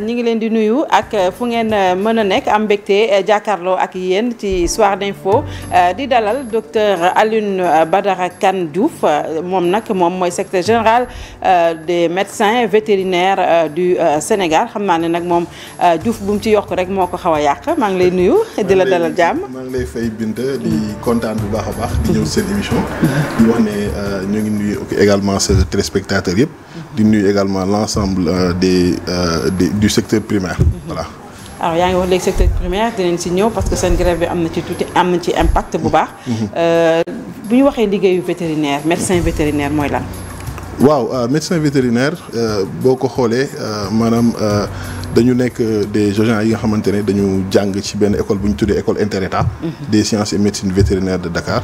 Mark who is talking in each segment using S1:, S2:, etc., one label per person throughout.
S1: ñi ngi leen di nuyu ak eh, fu ngeen eh, mën a nekk am mbégte eh, jàkkaarloo ak yéen ci soir d'info di dalal docteur Alioune Badara kan Diouf moom nag moom mooy secrétaire général des médecins vétérinaires du Sénégal xam naa ne nag moom Diouf bu mu ci yokk rek moo ko xaw a yàq maa ngi lay nuyu. di la dalal jàmm
S2: maa ngi lay fay bind di kontaan bu baax a baax. di ñëw seen émission. di wax ne ñoo ngi nuyu également sa téléspectateur yëpp. di nuyu également l' ensemble euh, des euh, des du secteur primaire. Mhm. voilà.
S1: alors yaa ngi wax léegi secteur primaire dinañ si ñëw parce que seen grève bi am na ci tuuti am na ci impact bu baax. Mhm. Mhm. Euh, bu ñu waxee liggéeyu vétérinaire médecin vétérinaire mooy lan.
S2: waaw médecin vétérinaire boo ko xoolee maanaam dañu nekk des agents yi nga xamante ne dañu jàng ci benn école bu ñu tuddee école interétat des sciences et médecine vétérinaire de Dakar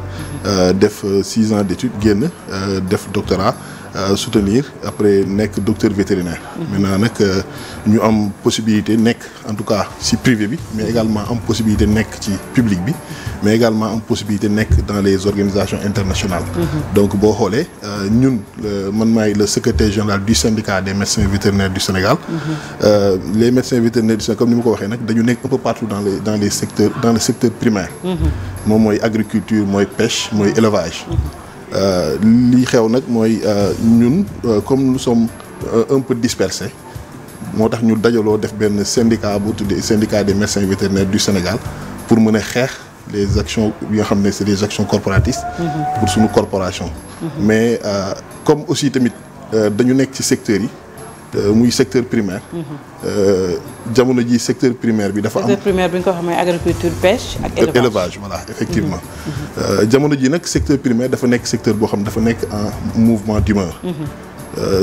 S2: def six ans d' études génn def doctorat. Euh, soutenir après nekk docteur vétérinaire. maintenant nag euh, ñu am possibilité nekk en tout cas ci privé bi mais également am possibilité nekk ci public bi mais également am nekk dans les organisations internationales. Mhm. donc boo xoolee euh, ñun man maay la secrétaire général du syndicat des médecins vétérinaires du Sénégal. Mhm. les médecins vétérinaires du Sénégal comme ni ma ko waxee nag dañu nekk un peu partout dans les dans les secteurs dans le secteur mhm. moom mooy agriculture mooy pêche mooy élevage. Euh, lii xew nag mooy euh, ñun euh, comme nous sommes un peu dispersés moo tax ñu dajaloo def benn syndicat bu tuddee syndicat des médecins vétérinaires du Sénégal pour mën a xeex les actions yi nga xam ne c'est des actions corporatistes. Mm-hmm. pour suñu corporation. Mm-hmm. mais comme aussi tamit dañu nekk ci secteurs yi. Euh, muy secteur primaire. Mhm. Euh, jamono ji secteur primaire bi dafa am. secteur
S1: ko xam ne ak euh, élevage élevage
S2: voilà effectivement. Mhm. Mhm. jamono ji nag secteur primaire dafa nekk secteur boo xam dafa nekk en mouvement d'humeur.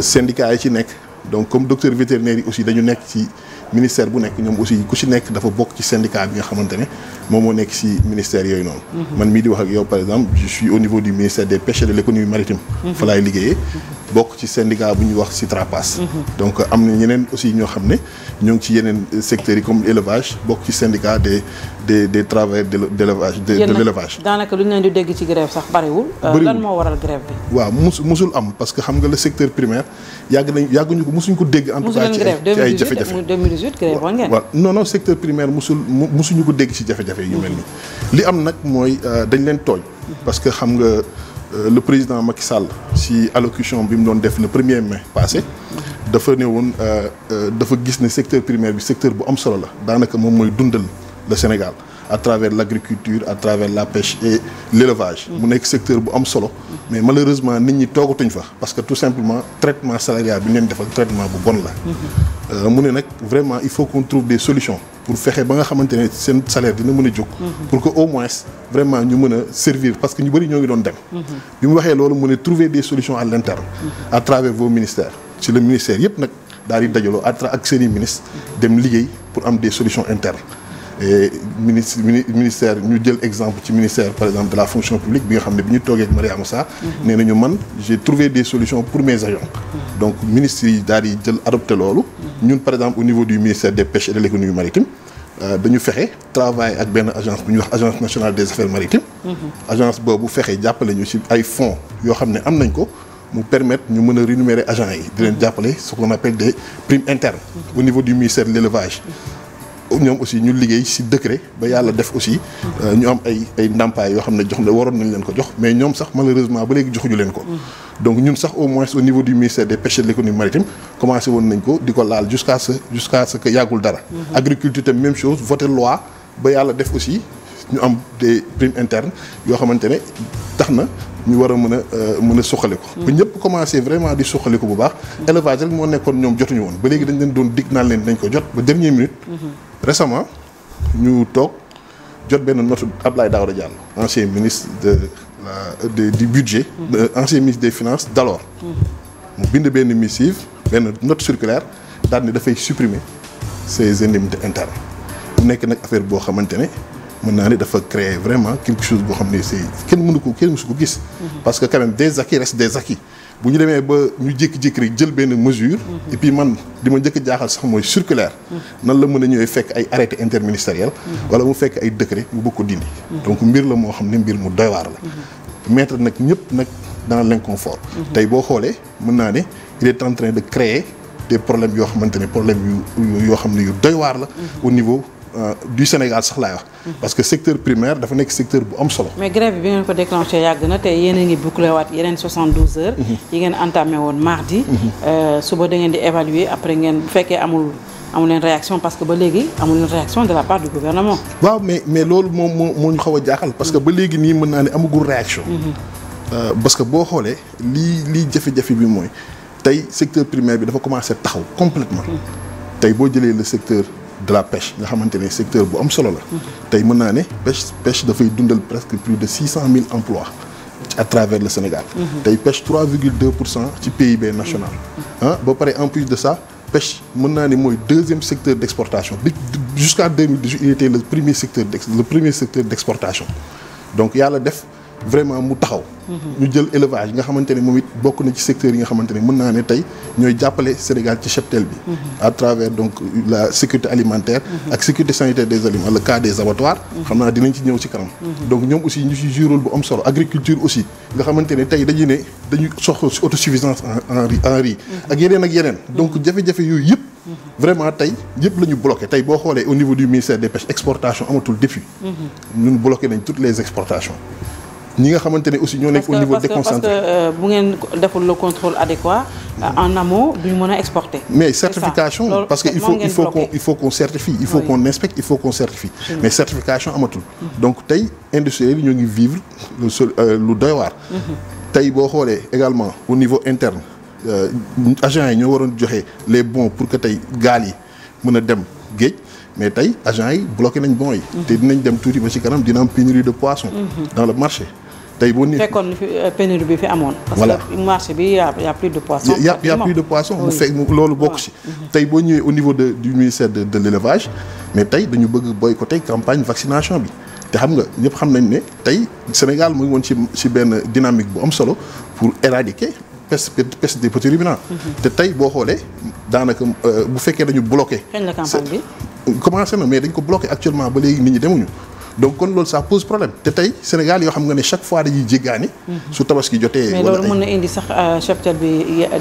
S2: syndicats yi ci nekk donc comme docteur vétérinaire yi aussi dañu nekk ci ministère bu nekk ñoom aussi ku ci nekk dafa bokk ci syndicat bi nga xamante ne moom moo nekk ci ministère yooyu noonu. man mii di wax ak yow par exemple je suis au niveau du ministère des pêches et l'économie maritime. fa liggéeyee. bokk ci syndicat bu ñuy wax Citrapass. Mhm. donc am na ñeneen aussi ñoo xam ne ñoo ngi ci yeneen secteur yi comme élevage bokk ci syndicat des des des travailleurs de l'élevage de l'élevage.
S1: daanaka lu ñu leen dégg ci grève sax bariwul. Euh, bariwul lan moo waral grève bi.
S2: waaw mus musul am parce que xam nga la secteur primaire yàgg nañ yàgguñu ko musuñ ko dégg. en tout cas ci ay jafe-jafe musul
S1: 2018 grève
S2: secteur primaire musul mosuñu ko dégg ci jafe-jafe yu mel nii. Mhm. li am nag mooy euh, dañ leen tooñ. Mhm. parce que xam nga. Euh, le président Macky Sall ci allocution bi mu doon def le premier mai passé dafa ne woon euh, euh, dafa gis ne secteur primaire bi secteur bu am solo la daanaka moom mooy dundal le Sénégal à travers l'agriculture à travers la pêche et l'élevage mu nekk secteur bu am solo mais malheureusement nit ñi toogatuñ fa parce que tout simplement traitement salarial bi ñu leen defal traitement bu bon
S3: la
S2: euh, mu ne nag vraiment il faut qu'on trouve des solutions pour fexe ba nga xamante ne seen salaire dina mën a jóg pour que au moins vraiment ñu mën a servir parce que ñu bëri ñoo ngi doon dem bi mu waxee loolu mu ne trouver des solutions à l'interne à travers vos ministères ci le ministère yëpp nag daal di ak seen i ministres dem liggéey pour am des solutions internes ministre ministère ñu jël exemple ci ministère par exemple de la fonction publique bi nga xam ne bi ñu toogee ak Mariama Sarr mm-hmm. nee man j'ai trouvé des solutions pour mes agents mm-hmm. donc ministre yi daal di jël adopté loolu mm-hmm. ñun par exemple au niveau du ministère des pêches et de l'économie maritime euh, dañu fexe travail ak benn agence bu ñuy wax agence nationale des affaires maritimes agence boobu fexe jàppale ñu ci ay fonds yoo xam ne am nañ ko mu permettre ñu mën a rémunérer agents yi di leen jàppale ce qu'on appelle des primes internes au niveau du ministère de ñoom aussi ñu liggéey si décret ba yàlla def aussi euh, ñu am ay ay ndàmpaay yoo xam ne jox na waroon nañ leen ko jox mais ñoom sax malheureusement ba léegi joxuñu leen ko donc ñun sax au moins au niveau du ministère des pêches et woon nañ ko di ko laal yàggul dara agriculture tam même chose voté loi ba yàlla def aussi ñu am des primes internes yoo xamante ne tax na ñu war a mën a euh, mën a suqaliku. ba ñëpp commencé vraiment di suqaliku bu baax. élevage rek moo nekkoon ñoom jotuñu woon ba léegi dañ leen doon dig naan leen dañ ko jot ba dernière minute. récemment ñu toog jot benn note Abdoulaye Daouda Diallo ancien ministre de la de du budget mmh. de ancien ministre des finances d'alors
S3: mmh.
S2: mu bind benn missive benn note circulaire daal ni dafay supprimer ces indemnités internes mu nekk nag affaire boo xamante ne mën naa ni dafa créer vraiment quelque chose boo xam ne c'est kenn mënu ko kenn su ko gis mmh. parce que quand des acquis restent des acquis bu ñu demee ba ñu jékki-jékki rek jël benn mesure. Mhm. et puis man di ma njëkk jaaxal sax mooy circulaire. Mhm. nan la mën a ñëwee fekk ay arrêté interministériel. Mhm. wala mu fekk ay décret mu bëgg ko dindi. donc mbir la moo xam ne mbir mu doy waar la. mettre nag ñëpp nag dans l'inconfort. tey boo xoolee mën naa ne il est en de créer des problèmes yoo xamante ne problème yu yoo xam ne yu doy waar la. au niveau. Euh, du Sénégal sax laay wax. parce que secteur primaire dafa nekk secteur bu am solo.
S1: mais grève bi ngeen ko déclenché yàgg na te yéen a ngi bouclé waat yeneen 72 heures. Mhm. yi ngeen entamé woon mardi. Mhm. Euh, suba da ngeen di évaluer après ngeen bu fekkee amul. amul leen réaction parce que ba léegi amul leen réaction de la moom
S2: moo moo ñu xaw parce que ba léegi nii mën naa ne amagul réaction. Mhm. Euh, parce que boo xoolee lii lii jafe-jafe bi mooy tey secteur primaire bi dafa commencé taxaw complètement tey boo jëlee le secteur. de la pêche nga xamante ne secteur bu am solo la. tey mën naa ne pêche pêche dafay dundal presque plus de six cent mille emplois à travers le Sénégal. Mhm. tey pêche trois virgule pour cent ci PIB national. Mhm. ah ba en plus de ça pêche mën naa ne mooy deuxième secteur d' exportation bi jusqu' deux mille dix huit il le premier secteur le premier secteur d' exportation donc yàlla def. vraiment mu taxaw. Mhm. ñu jël élevage nga xamante ne moom it bokk na ci secteur yi nga xamante ne mën naa ne tey ñooy jàppale Sénégal ci cheptel bi. Mhm. à donc la sécurité alimentaire. Mhm. ak sécurité sanitaire des aliments le cas des abattoirs. xam naa dinañ ci ñëw ci kanam. donc ñoom aussi ñu ci joué rôle bu am solo agriculture aussi nga xamante ne tey dañu ne dañu soxla ci autosuffisance en en riz. ak yeneen ak yeneen. donc jafe-jafe yu yëpp. vraiment tey yëpp la ñu bloqué tey boo xoolee au niveau du ministère des pêches exportation amatul défi. ñun bloqué nañ toutes les exportations. ñi nga xamante ne aussi ñoo nekk au niveau déconcentré
S1: parce que euh, bu ngeen deful le contrôle adéquat mm-hmm. euh, en amont duñu mën a exporter. mais certification parce que il faut il faut
S2: qu'on il faut qu'on certifie il faut qu'on inspecte il faut qu'on certifie mais certification amatul mm-hmm. donc tey industriels yi ñoo ngi vivre lu sol euh, mm-hmm. tey boo xoolee également au niveau interne agent yi ñoo waroon joxe les bons pour que tey gaal yi mën a dem géej mais tey agents yi bloqué nañ bon yi te dinañ dem tuuti kanam dina am pénurie de poisson dans le marché tey boo nee
S1: fekkoon euh, pénurie bi fi amoon. voilà parce que marché bi y' a y' a plus de poisson. mu fekk
S2: loolu bokk ci. tey boo ñëwee au niveau de du ministère de de l' mais tey dañu bëgg boycotter campagne vaccination bi. te xam nga ñëpp xam nañ ne tey Sénégal mu ngi woon ci ci benn dynamique bu am solo pour éradiquer peste peste des petits ruminants. Mhm. te tey boo xoolee daanaka euh, bu fekkee dañu bloqué. xëy na campagne bi. commencé mais dañ ko bloqué actuellement ba léegi nit ñi demuñu. donc kon loolu ça pose problème te tey Sénégal yoo xam nga ne chaque fois dañuy jéggaani. Mhm. su tabaski jotee. mais loolu
S1: mën na indi sax euh, cheptel bi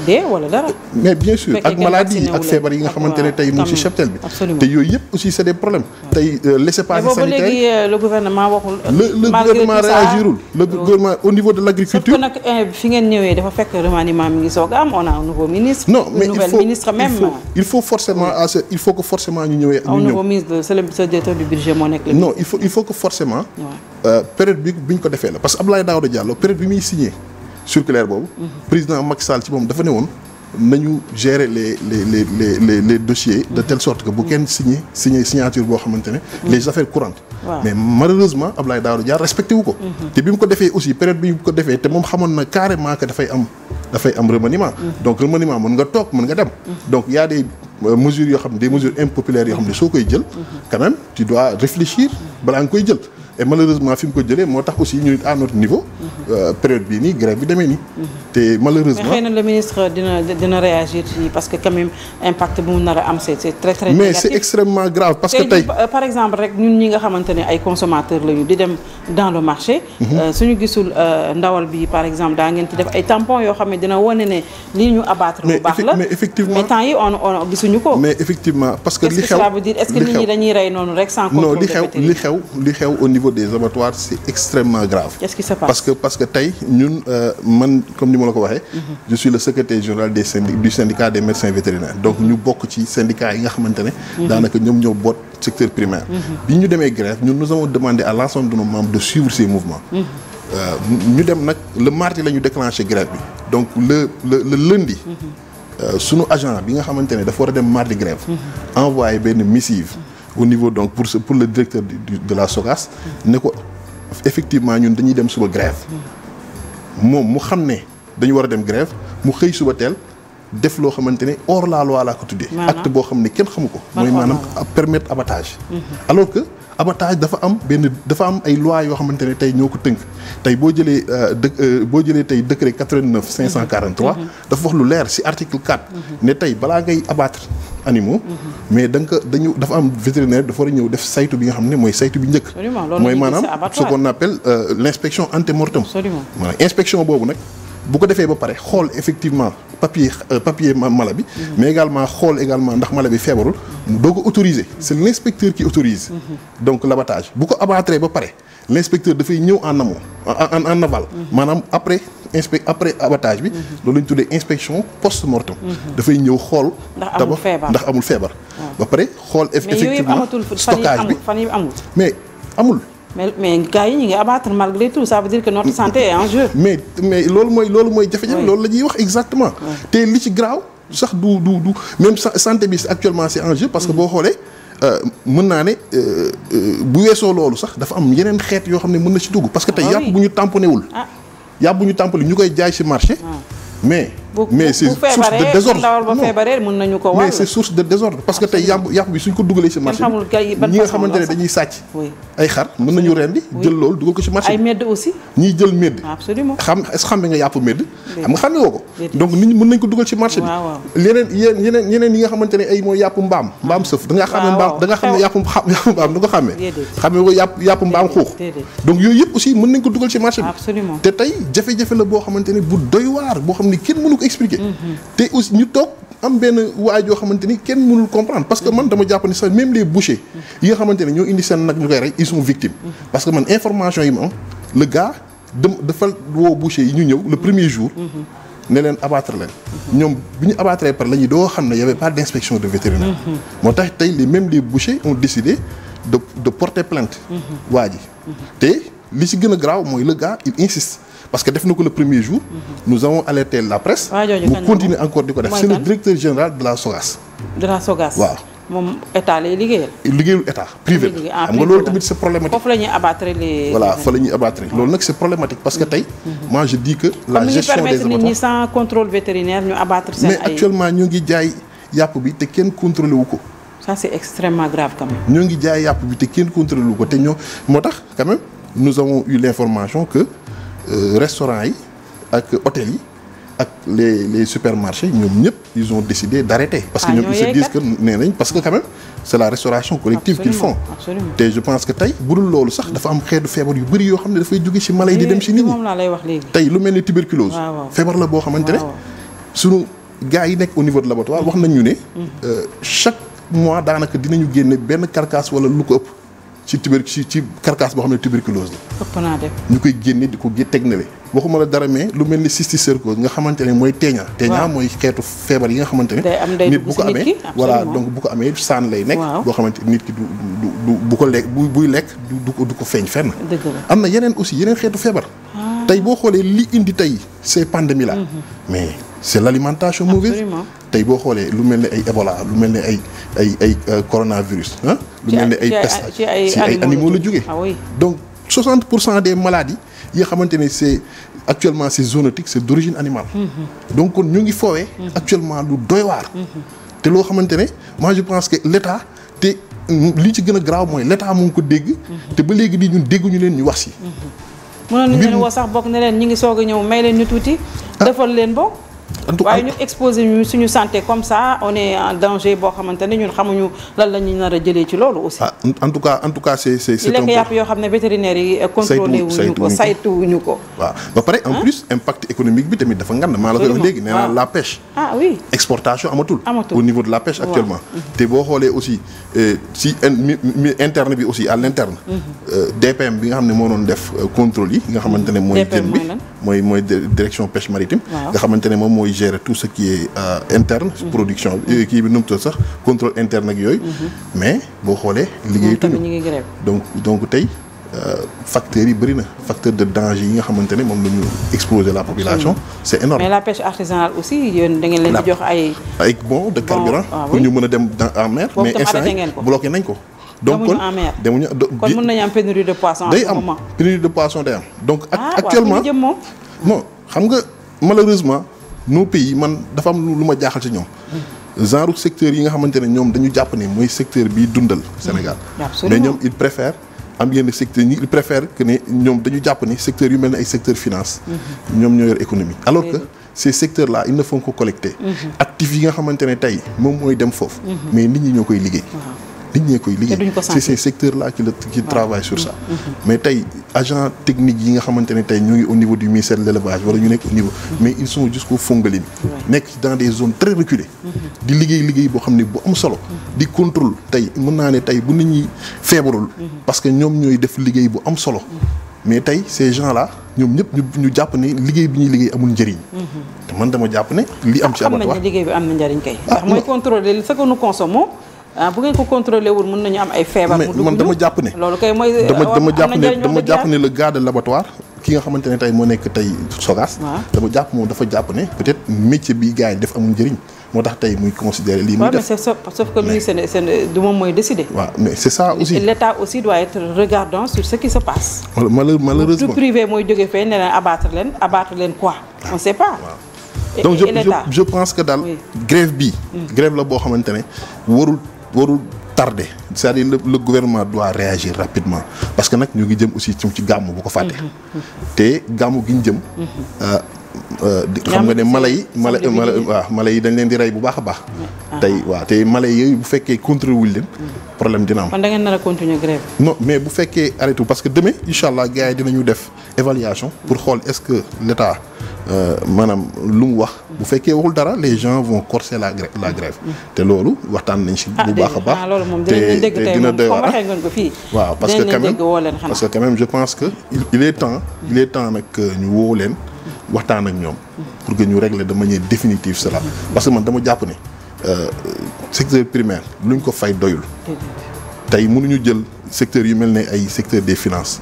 S1: dee wala dara.
S2: mais bien sûr ak maladie yi ak feebar yi nga xamante tey mu ngi si bi. te yooyu yëpp aussi c' est des tey euh, laissez-passer sanitaire
S1: euh, le gouvernement waxul. le gouvernement réagirul
S2: le gouvernement au niveau de l'
S1: fi ngeen ñëwee dafa fekk remaniement a am a un ministre. non mais
S2: il faut que euh, période bi bi ñu ko defee la parce que Abdoulaye Daouda Diallo période bi muy signé circulaire boobu. Mhm. président Macky Sall ci moom dafa ne woon. nañu gérer les les les les les les de telle sorte que bu kenn signé signé signature boo xamante ne. Mm-hmm. les affaires courantes. mais malheureusement Abdoulaye Daouda Diallo respecté ko. Mm-hmm. te bi mu ko defee aussi période bi mu ko defee te moom xamoon na carrément que dafay am dafay mm-hmm. donc remaniement mën nga toog mën nga dem. donc y a des euh, yoo xam ne des mesures impopulaires yoo xam ne soo koy jël. quand même tu réfléchir balaa nga koy jël. et malheureusement fi mu ko jëlee moo tax aussi ñu à notre niveau. Mhm. Euh, période bii nii grève bi demee nii. Mhm. te malheureusement xëy na
S1: le ministre dina dina réagir ci parce que quand même impact mu nar a am mais c' est
S2: extrêmement grave parce que tey
S1: euh, par exemple rek ñun ñi nga xamante ne ay consommateurs lañu di dem dans le marché. Mhm. Euh, ñu gisul ndawal bi par exemple daa ngeen ci def ay tampons yoo xam ne dina wane ne lii ñu abattre. bu baax la
S2: mais effectivement ko. mais effectivement parce que li xew est ce que cela veut dire li xew li xew li xew au niveau. niveau des abattoirs c'est extrêmement grave. qu'est-ce parce que parce que tey ñun euh, man comme ni ma la ko waxee. Mhm. je suis le secrétaire général des syndicat des médecins vétérinaires donc ñu bokk ci syndicat yi nga xamante mhm. daanaka ñoom ñoo boot secteur primaire. Mhm. bi ñu demee grève ñun nous avons à l'ensemble de nos membres de suivre ces mouvements.
S3: Euh,
S2: ñu dem nag le mardi la ñu déclenché grève bi donc le le le euh, agent bi nga xamante dafa war a dem mardi grève. envoyé benn au niveau donc pour pour le directeur de la SOGAS ne ko effectivement ñun dañuy dem suba grève moom mu xam ne dañu war a dem grève mu xëy suba teel def loo xamante ne hors la loi laa ko tuddee acte boo xam ne kenn xamu ko mooy maanaam permettre abattage mhm. alors abattage dafa am benn dafa am ay loi yoo xamante ne tey ñoo ko tënk tey boo jëlee euh, dë euh, boo jëlee tey décret 89 543. Mhm. Mhm. dafa wax lu leer ci article 4. Mhm. ne tey balaa ngay abattre animaux. mais da nga ko dañu dafa am vétérinaire dafa war a ñëw def saytu bi nga xam ne mooy saytu bi njëkk. mooy maanaam ce qu'on appelle euh, l'inspection antemortem. inspection boobu nag. bu ko defee ba pare xool effectivement papier euh, papier mala bi. Mhm. mais également xool également ndax mala bi feebarul. Mhm. doo ko autoriser c' est l' autorise. Mhm. donc l' abattage bu ko abattre ba pare l' inspecteur dafay ñëw en amont en en aval. maanaam après après abattage bi. loolu la ñu tuddee inspection post mortem. dafay ñëw xool. ndax amul feebar ndax amul feebar. ba pare xool effectivement stockage bi mais amul.
S1: mais mais gars yi ñu ngi abattre malgré tout ça veut dire que notre santé est en
S2: mais mais loolu mooy loolu mooy jafe-jafe loolu la ñuy wax exactement. te li ci graaw sax du du du même santé bi actuellement c'est en jeu parce que boo mm. xoolee. Euh, mën naa ne euh, euh, bu weesoo loolu sax dafa am yeneen xeet yoo xam ne mën na si dugg. parce que tey ah yàpp bu ñu tamponné wul. Ah. yàpp bu ñu tamponné ñu koy jaay si marché. Ah. mais. mais c'est source de de désordre parce que tey yàpp yàpp bi suñ ko dugalee ci marché bi ñi nga xamante dañuy sàcc ay xar mën nañu rendi jël loolu dugal ko ci marché ay medd jël medd xam xam bi nga yàpp mbaam mbaam sëf da xam mbaam da xam yàpp mbaam du ko xàmmee xàmmee ko yàpp mbaam xuux donc yooyu yëpp aussi mën nañ ko dugal ci marché bi te tey jafe-jafe la boo xamante bu doy waar boo xam ne kenn mënu ko expliquer. te aussi ñu toog am benn waay yoo xamante kenn mënul comprendre parce que man dama jàpp sax même les bouchers. yi nga ñoo indi seen nag ñu koy rey ils sont victimes. parce que man information yi ma am le gars dem dafa woo boucher yi ñu ñëw le premier jour. ne leen abattre leen. ñoom bi ñu abattre par la ñuy doo xam ne y avait pas d'inspection de vétérinaire. moo tax tey les même les bouchers ont décidé de de porter plainte. Mm-hmm. te li ci gën a graaw parce que def na ko le premier jour. Mhm. nous avons alerté la presse. waaw jooju mu continuer encore di ko def. c'est le directeur général de la SOGAS.
S1: de la SOGAS waaw. moom état lay liggéeyal.
S2: liggéeyul état privé la xam nga loolu tamit
S1: c'est problématique. foofu fa la
S2: abattre loolu nag c'est problématique parce que tey. Mhm. moi je dis que la gestion des
S1: abattoirs ñu abattre mais actuellement
S2: ñoo ngi jaay yàpp bi te kenn contrôlé wu ko. ça c'est ñoo ngi jaay yàpp bi te kenn contrôlé wu ko te moo tax quand même nous avons eu l'information que. Euh, restaurants yi ak hôtels yi ak les les supermarchés ñoom ñëpp ils ont décidé d'arrêter parce que ah, ñoom ils se disent que nee nañ parce que quand c'est la restauration collective qu'ils font te je pense que tey bu dul loolu sax dafa am xeetu feebar yu bëri yoo xam ne dafay jóge ci mala yi di dem ci nit
S1: ñi eh, tey
S2: lu mel ni tuberculose feebar la boo xamante ne sunu gars yi nekk au niveau de laboratoire wax nañ ñu ne mm-hmm. euh, chaque mois daanaka dinañu génne benn carcasse wala lu ko ëpp ci tuber ci ci boo xam ne tuberculose la. ëpp naa ñu koy génne di ko teg na le. waxuma la dara mais lu mel ni cysticercose nga xamante ne mooy teeña. waaw teeña mooy xeetu feebar yi nga xamante ne. day am nit bu ko amee voilà donc bu ko amee saan lay nekk. boo xamante nit ki du du du bu ko lekk bu buy lekk du ko du ko feeñ fen dëgg am na yeneen aussi yeneen xeetu feebar. Ah. tey boo xoolee li indi tey ces pandémies là. Mm-hmm. mais c'est l'alimentation mauvaise. Absolument. tey boo xoolee lu mel ne ay Ebola lu mel ne ay ay ay euh, coronavirus ah. lu mel ne ay peste ci ay ci ay animaux la jógee. Ah donc 60 pour cent des maladies yi xamante ne c'est actuellement c'est zoonotique c'est d'origine animale. Mm-hmm. donc kon ñu ngi foowee. Mm-hmm. actuellement lu doy waar.
S3: Mm-hmm.
S2: te loo xamante ne moi je pense que l'État te li ci gën a grave mooy l'État mu ngi ko dégg. te ba léegi di ñun dégguñu leen ñu wax si. mbir
S1: mënoon nañu leen woo sax bokk na leen ñu ngi soog a ñëw may leen ñu tuuti. Ah. waaye ñu exposé ñu suñu santé comme ça on danger boo xamante ñun xamuñu lan la ñu nar a jëlee ci loolu
S2: ah en tout cas en tout cas c' est
S1: yoo xam ne vétérinaire yi. contrôlé wuñu ko saytu ko
S2: waaw ba pare en ah. plus impact économique bi tamit dafa ngand maa la koy wax léegi nee naa la pêche. ah oui exportation amatul. au niveau de la bi nga xam ne moo doon def euh, contrôle yi. nga xamante mooy. DPM mooy lan mooy direction pêche maritime. mooy gérer tout ce qui est euh, interne. Mhm. production euh, mhm. kii bi nu sax contrôle interne ak yooyu. Mhm. mais boo xoolee. liggéeyatuñu donc donc tey. Euh, facteurs yi bëri na facteur de danger yi nga xamante ne moom la ñu exposer la population. c' est énorme
S1: la pêche artisanale aussi yéen da ngeen leen jox ay.
S2: bon de carburant. Ah pour ñu mën a dem en mer. mais instant yi nañ ko. donc kon demuñu kon
S1: mën nañu am pénurie de poisson. day
S2: de poisson day am donc. Ah, actuellement non xam nga malheureusement. nos pays man dafa am lu ma jaaxal ci ñoom. genre secteur yi nga xamante ne ñoom dañu jàpp ne mooy secteur bi dundal. Sénégal mm-hmm. mais ñoom ils préfèrent am yenn secteur ne ñoom dañu jàpp ne yu mel ne ay secteur finance. Mm-hmm. ñoom ñoo yor économie alors que. ces secteurs là ils ne font que mm-hmm. yi nga xamante ne tey moom mooy dem foofu. mais nit ñi ñoo koy liggéey. nit ñee koy liggéey c'est ces secteurs là qui la qui travaille sur ça mm-hmm. Mm-hmm. mais tey agent technique yi nga xamante ne tey ngi au niveau du ministère de l'élevage wala ñu nekk au niveau mm-hmm. mais ils sont jusqu'au Fongolimbi nekk dans des zones très reculées di liggéey liggéey boo xam ne bu am solo di contrôle tey mën naa ne tey bu nit ñi feebarul parce que ñoom ñooy def liggéey bu am solo mais tey ces gens là ñoom ñëpp ñu jàpp ne liggéey bi ñuy liggéey amul njëriñ. li am ci abattoir xam
S1: nañ ne liggéey ah bu ngeen ko contrôlé wul mën nañu am ay feebar. mu dugg man dama jàpp ne. loolu kay mooy dama euh, jàpp ne dama jàpp ne
S2: le gars de laboratoire. ki nga xamante ne tey moo nekk tey Sogas. dama jàpp moom dafa jàpp ne peut-être métier bi gars yi def amul njëriñ. moo tax tey muy considéré lii muy def
S1: mais sauf que lui seen seen du moom mooy décidé.
S2: waaw mais c'est ça aussi et l'État
S1: aussi doit être regardant sur ce qui se passe.
S2: malheureusement tout privé
S1: mooy jóge fee ne leen abattre leen abattre leen quoi. on sait pas. donc je
S2: je pense que daal grève bi mm. grève la boo xamante ne warul. warul tardé c'est-à-dire le gouvernement doit réagir rapidement parce que nag ñoo ngi jëm aussi ci gàmm bu ko fàtte. Mm-hmm. te gàmm gi ñu jëm.
S3: Mm-hmm.
S2: Euh, xam nga ne mala yi mala mala waaw mala yi dañ leen di rey bu baax a baax. Ah. tey waa te mala yi bu fekkee contrôlé wuñ leen. Mm. problème dina am
S1: kon a continuer grève.
S2: non mais bu fekkee arrêté parce que demain incha allah gars yi dinañu def évaluation pour xool est-ce que l'État euh, maanaam lu mu wax. bu fekkee waxul dara les gens vont corser la grève la grève. Mm. te loolu waxtaan nañ si bu ah, baax a baax. te te dina doy waar waaw parce que quand même parce que quand même je pense que il est temps nag ñu woo leen. waxtaan ak ñoom. pour que ñu régler de manière définitive cela parce que man dama jàpp ne euh, secteur primaire luñ ko fay doyul. tey mënuñu jël secteur yi mel ne ay secteur des finance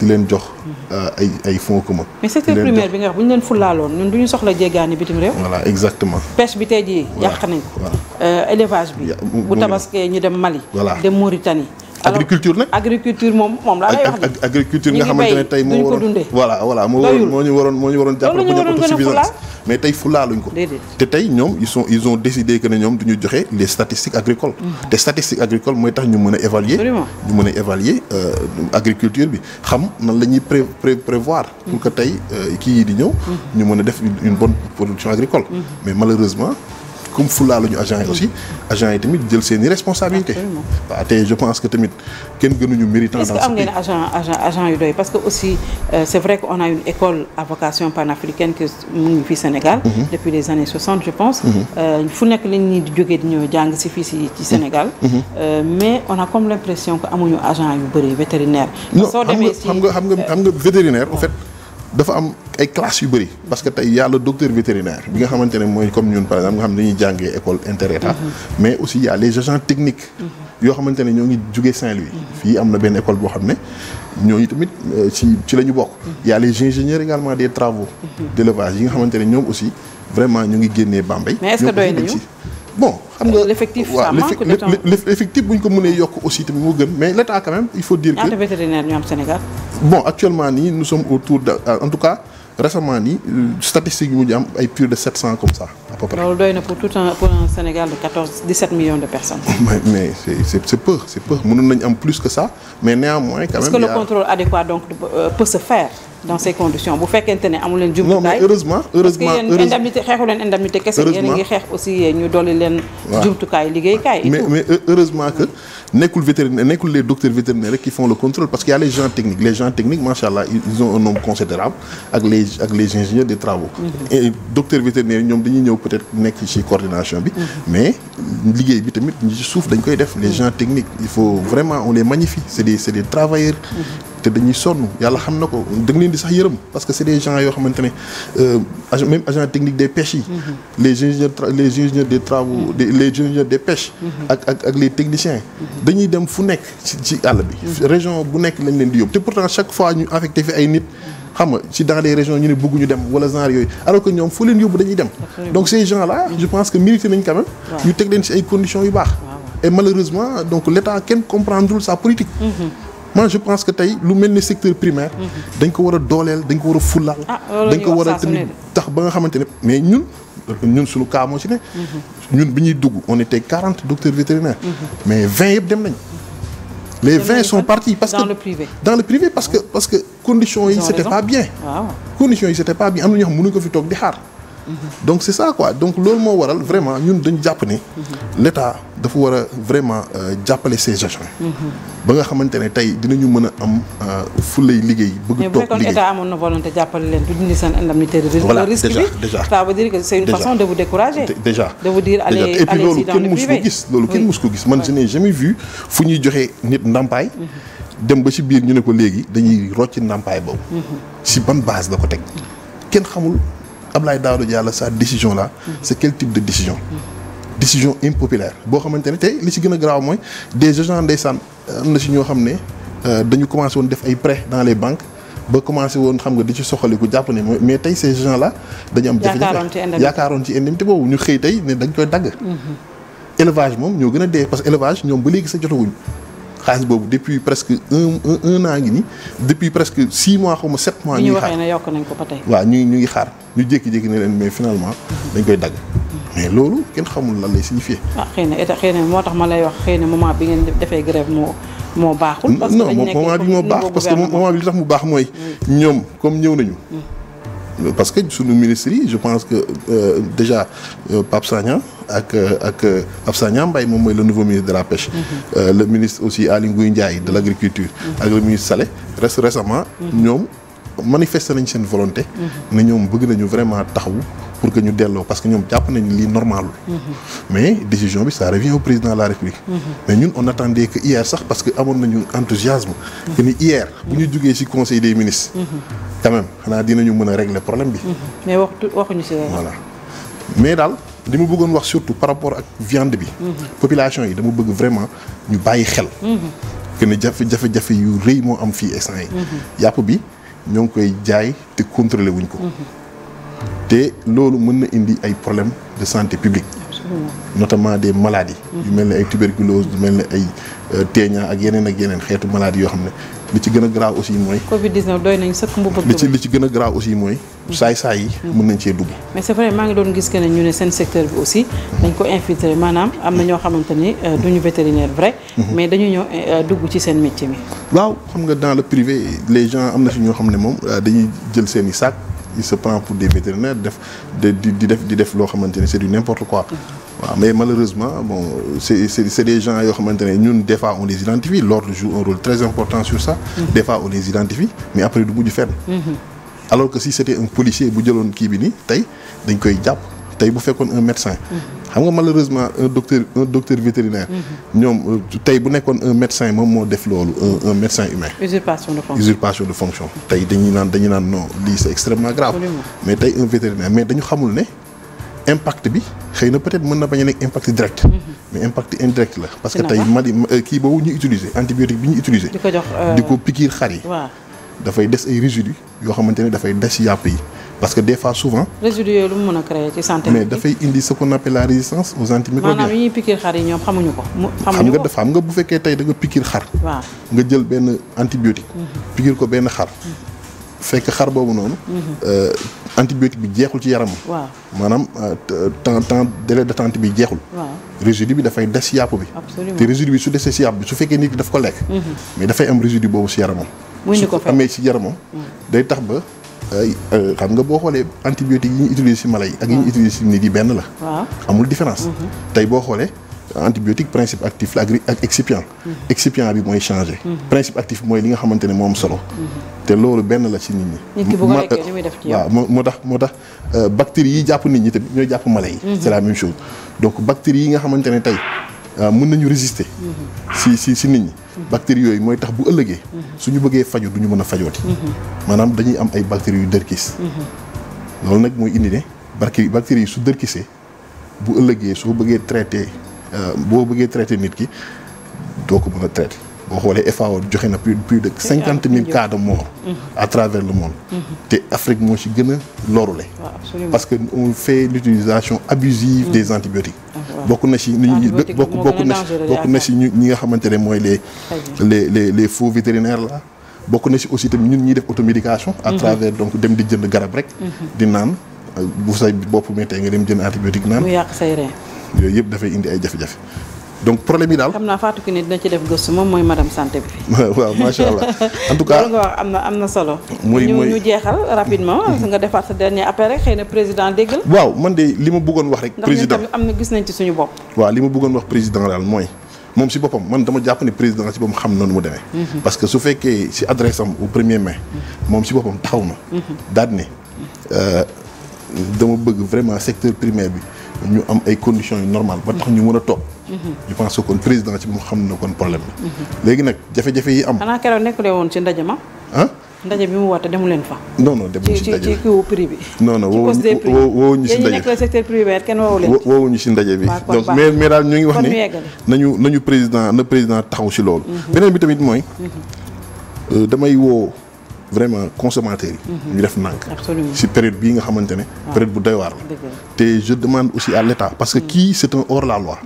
S2: di leen jox. Euh, ay ay fonds communs. mais secteur primaire bi
S1: nga wax bu ñu leen fulaaloon ñun du ñu soxla jéggaani bitim réew. voilà exactement. pêche bi tey jii yàq nañ ko. Euh, élevage bi. bu tabaskee ñu dem Mali. voilà dem Mauritanie.
S2: agriculture nag agriculture moom moom laa lay nga xamante ne tey moom waroon voilà voilà moo moo ñu waroon moo ñu waroon jàppale pour ñu autosuffisance mais tey fulaaluñ ko te tey ñoom ils sont ils ont décidé que ne ñoom duñu joxe les statistiques agricoles mm-hmm. te statistiques agricoles mooy tax ñu mën a évaluer ñu mën a évaluer euh, agriculture bi xam nan la ñuy pré prévoir pour que mm-hmm. tey euh, kii di ñëw mm-hmm. ñu mën a def une bonne production agricole mais malheureusement comme fulaaluñu agent yi aussi mm-hmm. agent yi tamit jël seeni i responsabilité waaw te je pense que tamit kenn gënuñu méritant est-ce que am ngeen
S1: agent agent agent yu doy parce que aussi euh, c'est vrai a école vocation panafricaine que mu ngi fii Sénégal mm -hmm. depuis les années 60 je pense mm-hmm. euh, fu nekk lañ ñi di jógee di ñëw jàng si fii si ci mm-hmm. Sénégal
S3: mm -hmm.
S2: euh, mais on a comme l'impression que amuñu agent yu bëri vétérinaire soo demee xam nga xam nga euh, vétérinaire en fait dafa am ay classes yu bëri parce que tey yàlla docteur vétérinaire bi nga xamante ne mooy comme ñun par exemple nga xam ne dañuy jàngee école interétat mm-hmm. mais aussi y a les agents mm-hmm. yoo xamante ne ñoo ngi jugee Saint-Louis mm-hmm. fii am na benn école boo xam ne ñooñu tamit euh, ci ci la ñu bokk y a les ingénieurs également des travaux d'élevage yi nga xamante ne ñoom aussi vraiment ñu ngi génnee Bambey mais est-ce que doy nañu bon xam nga l'effectif ça manque de temps l'effectif bu ñu ko mënee yokk aussi tamit moo gën mais l'état quand même il faut dire que ñu am Sénégal bon actuellement nii nous sommes autour de euh, en tout cas récemment nii statistiques yi mu am ay plus de 700 comme ça
S1: à peu loolu doy na pour tout un Sénégal de 14 17 millions de personnes.
S2: mais mais c'est c'est peu c'est peu mënoon nañu am plus que ça mais néanmoins. quand même
S1: est-ce que le dans ces conditions bu fekkente ne amu leen jumtukaay non mais heureusement heureusement parce que yéen indemnité xeexu leen indemnité kese yéen a ngi xeex aussi eh, ñu dolli leen jumtukaay liggéeykaay mais
S2: mais heureusement que nekkul vétérinaire nekkul les rek qui font le contrôle parce que y a les gens techniques les gens techniques macha allah ils ont un nombre considérable ak les ak les travaux mhm. et docteurs ñoom dañuy ñëw peut-être nekk ci coordination bi mhm. mais liggéey bi tamit suuf dañ koy def les mhm. gens techniques il faut vraiment te dañuy sonn yàlla xam na ko da nga leen di sax yërëm parce que c' est des gens yoo xamante ne euh, agent technique des pêches yi. Mm-hmm. les ingénieurs les ingénieurs des travaux mm-hmm. des les ingénieurs des pêches. Mm-hmm. ak ak ak dañuy dem fu nekk ci ci àll bi. région bu nekk lañ leen di yóbbu te pourtant chaque fois ñu affecté fi ay nit. xam ci dans les ñu ne bëgguñu dem wala genre yooyu alors que ñoom foo leen yóbbu dañuy dem. donc ces gens là je pense que mérité nañ quand même. ñu teg leen ci ay yu baax. et malheureusement donc kenn comprendrewul sa politique. moi je pense que tey lu mel ni secteur primaire. Mhm. dañ ko war a dooleel dañ ko war a fulaal. Ah, dañ ko war a tamit tax ba nga xamante ne mais ñun. ñun suñu cas moo ci ne.
S3: Mhm.
S2: ñun bi ñuy dugg on était quarante docteurs vétérinaires. Mhm. mais vingt yëpp dem nañ. les vingt sont partis parce que dans le privé. parce que parce que conditions yi c'était pas bien. waaw ah yi c'était pas bien am na ñoo xam mënuñ ko fi toog di xaar. donc c' est ça quoi donc loolu moo waral vraiment ñun dañ jàpp ni. l' état dafa war a vraiment euh, jàppale ses agents. ba nga xamante ne tey dinañu mën a am euh, fulay liggéey. bëgg toog liggéey mais bu fekkoon
S1: état na volonté jàppale déjà déjà déjà de si dans
S2: le privé et puis loolu kenn mus ko gis man je n'ai jamais vu fu ñuy joxe nit ndàmpaay. dem ba ci biir ñu ne ko léegi dañuy rocci ndàmpaay boobu. Mhm. ci ban base la ko teg kenn xamul. Abdoulaye Daouda Diallo sa décision là. Mhm. c'est quel type de décision. décision impopulaire boo xamante ne tey li ci gën a grave mooy des agents ndeysaan euh, am na ci ñoo xam ne euh, dañu commencé woon def ay prêts dans les banques. ba commencé woon xam nga di ci soxaliku jàpp ne mais tey ces gens là dañu am jafe-jafe yaakaaroon ci indemnité boobu ñu xëy tey ne dañ koy dagg mhm. élevage moom ñoo gën a dee parce que élevage ñoom ba léegi sa jotaguñ xaalis boobu depuis presque un un an ngi nii depuis presque six mois xaw ma sept mois. ñu ngi xaar ñu
S1: yokk nañ ko ba tey.
S2: waaw ñu ñu ngi xaar ñu jékki-jékki ne leen mais finalement dañ koy dagg. mais loolu kenn xamul lan lay signifié.
S1: Ah, na état moo tax ma lay wax xëy na moment bi ngeen defee grève moo moo baaxul. parce que dañ nekk non moment bi moo baax parce moment
S2: bi li tax mu baax mooy. ñoom comme ñëw nañu. Mm. parce que suñu ministre yi je pense que euh, déjà euh, Pape Sagna ak euh, ak euh, Pape Sagna Mbaye moom mooy la nouveau ministre de la pêche. Mm-hmm. le ministre aussi Aly Ngouille Ndiaye de l' agriculture. Mm-hmm. ak le ministre Salé reste récemment. Mm-hmm. ñoom manifester nañ seen volonté. ne ñoom bëgg nañu vraiment taxawu. pour que ñu delloo parce que ñoom jàpp nañu lii normalul mhm. mais décision bi ça revient au président la république mhm. mais ñun on attendait que hier sax parce que amoon nañu enthousiasme mhm. que hier bu ñu jugee ci conseil des ministres quand même xanaa dinañu mën a régler problème bi
S1: mais waxuñu ci voilà
S2: mais daal li ma bëggoon wax surtout par rapport ak viande bi population yi dama bëgg vraiment ñu bàyyi xel que ne jafe-jafe-jafe yu rëy moo am fii instant yi yàpp bi ñoo ngi koy jaay te contrôlé ko te loolu mën na indi ay problèmes de santé publique notamment des maladies mm-hmm. yu mel ne ay tuberculose yu mel ne ay euh, teeñaa ak yeneen ak yeneen xeetu maladies yoo xam ne li ci gën a graaw aussi mooy
S1: covid 19 doy nañu sëkk mbubb li
S2: ci gën a aussi mooy mm-hmm. saay-saay yi mm-hmm. mën nañ cee dugg
S1: mais c'est vrai maa ngi doon gis que ñu ne seen secteur bi aussi dañ ko infiltré maanaam am na ñoo xamante ni euh, duñu vétérinaire vrai mais dañu ñëw euh, dugg ci seen métier mi
S2: waaw xam nga dans le privé les gens am na si ñoo xam ne moom dañuy jël seen i il se prend pour des vétérinaires def di def loo xamante c'est du n'importe quoi mm-hmm. waaw mais malheureusement bon c'est des gens yoo xamante ñun des on les identifie l'ordre joue un rôle très important sur ça mm-hmm. des on les identifie mais après du mujj fenn
S3: mm-hmm.
S2: alors que si c'était un policier bu jëloon kii bi nii tey dañ koy jàpp tey bu fekkoon un médecin. xam nga malheureusement un docteur un docteur vétérinaire. ñoom tey bu nekkoon un médecin moom moo def loolu un un médecin humain. usurpation de fonction tey dañuy naan dañuy naan non lii c'est extrêmement grave. mais tey un vétérinaire mais dañu xamul ne. impact bi xëy na peut-être mën na bañ a nekk impact direct. Mhm. mais impact indirect la. parce que tey mali euh, kii boobu ñu utiliser antibiotique bi ñu utiliser. di ko euh, pikiir xar yi. dafay des ay résidus yoo xamante ne dafay des yàpp yi. parce que des fois souvent.
S1: résidus yooyu lu mu mën a créer ci santé mais
S2: dafay indi ce qu'on appelle la résistance aux antimicrobiens. yi
S1: ñuy pikiir xar yi ñoom xamuñu ko. xam nga dafa
S2: xam nga bu fekkee tey da nga pikiir xar. waaw nga jël benn antibiotique. Mhm. pikiir ko benn xar. Mhm. fekk xar boobu noonu. Mhm. Euh, antibiotique bi jeexul ci yaram maanaam maanaam euh, temps temps de d'attente bi jeexul. résidu bi dafay des yàpp bi. te résidu bi su desee si yàpp bi su fekkee nit ki daf ko lekk. mais boobu si yaramam. mu indi ko fa su amee tax ba. Euh, euh, xam nga boo xoolee antibiotiques yi utilisé mala yi ak yi ñu ah. utilisé nit yi benn la ah. amul différence mhm. tey boo xoolee antibiotique principe actif la ak excipient mhm. excipient bi mooy changé mhm. principe actif mooy li nga xamante ne moom solo te loolu benn la ci nit ñi waaw moo tax moo tax euh, bactéries yi jàpp nit ñi tamit ñooy jàpp mala yi c'est la même chose donc bactéries yi nga xamante ne tey mën nañu résister ci ci ci nit ñi bactéries yooyu mooy tax bu ëllëgee su ñu bëggee fajo du ñu mën a fajooti maanaam dañuy am ay bactéries yu dërkis loolu nag mooy indi ne bactéries bactéries yi su dërkisee bu ëllëgee soo bëggee traité euh, boo bëggee traité nit ki doo ko mën a traité boo xoolee FAO joxe na plus plus de cinquante mille cas de mort à travers le monde te Afrique moo ci gën a lorule parce que on fait l'utilisation abusive mm. des antibiotiques bokk na ci ni ñu bokk bokk na bokk na si ñu ñi nga xamante ne mooy les les les les faux vétérinaires la bokk na si aussi tamit ñun ñuy def automédication à mhm. travers donc dem di jënd garab rek mhm. di naan bu say bopp mettee nga dem jënd antibiotique naan mu yàq yooyu yëpp dafay indi ay jafe-jafe donc problème yi daal. xam
S1: naa Fatou Kiné dina ci def gëstu moom mooy madame santé bi.
S2: waaw macha
S1: allah am na am na solo. mooy mooy ñu jeexal rapidement. nga defaat sa dernier appel xëy na président déggal.
S2: man de li ma bëggoon wax rek. président am na gis nañ ci suñu bopp. waaw li ma bëggoon wax président daal mooy. moom si boppam man dama jàpp ne président si boppam xam noonu mu demee. Mhm. parce que su fekkee si adresse am au premier mai. Mhm. moom si boppam taxaw na. Mhm. daal ne euh, dama bëgg vraiment secteur primaire bi ñu am ay conditions yu normal ba tax ñu mën a toog. je pense que kon président ci moom xam na kon problème bi. léegi nag jafe-jafe yi am.
S1: xanaa keroog nekkulee woon ci ndaje ma. ah ndaje bi mu woote demu leen fa.
S2: non non demuñu ci ndaje bi ci ci kiwu si ndaje bi donc mais mais daal ñu ngi wax ni nañu nañu président na président taxaw si loolu. Mhm. beneen bi tamit mooy. Mhm. Euh, damay woo. vraiment consommateurs yi. Mhm. ñu def nànk. ci période bii nga xamante ne. période bu doy waar la. te je demande aussi à l' parce que kii mmh. c' hors la loi.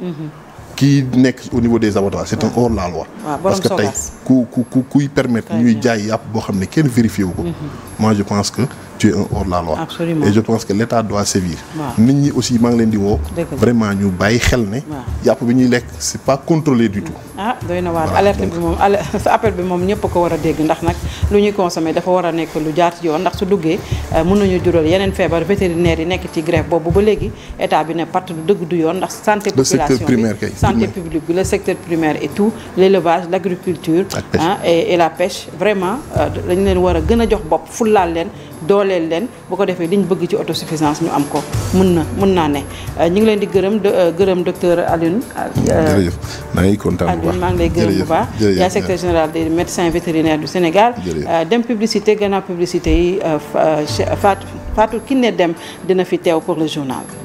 S2: kii nekk au niveau des abattoirs c'est un hors la loi parce que tey ku ku ku kuy permettre ñuy jaay yàpp boo xam ne kenn vérifié wu ko mhm. moi je pense que tu es pense que l' état doit sévir. nit ñi aussi maa ngi leen di woo. vraiment ñu bàyyi xel ne. yàpp bi ñuy lekk c' pas contrôlé du tout.
S3: ah
S1: doy na waar alerte bi moom sa appel bi moom ñëpp ko war a dégg ndax nag lu ñuy consommé dafa war a nekk lu jaar ci yoon ndax su duggee euh, mën nañu jural yeneen feebar vétérinaire yi nekk ci grève boobu ba léegi état bi ne part du dëgg du yoon ndax santé population bi santé publique bi le secteur primaire et tout l' élevage l' agriculture ah et la pêche vraiment euh, dañ leen war a gën a jox bopp fulaal leen dooleel leen bu ko defee liñ bëgg ci autosuffisance ñu am ko mun na mun naa ne euh, ñu ngi leen di gërëm euh, gërëm docteur Alioune. Euh, jërëjëf
S2: maa ngi kontaan maa ngi lay gërëm bu baax. yaay secrétaire
S1: général des médecins vétérinaires du Sénégal. dem publicité gannaaw publicité yi Fatou Fatou Kiné dem dina fi teew pour le journal.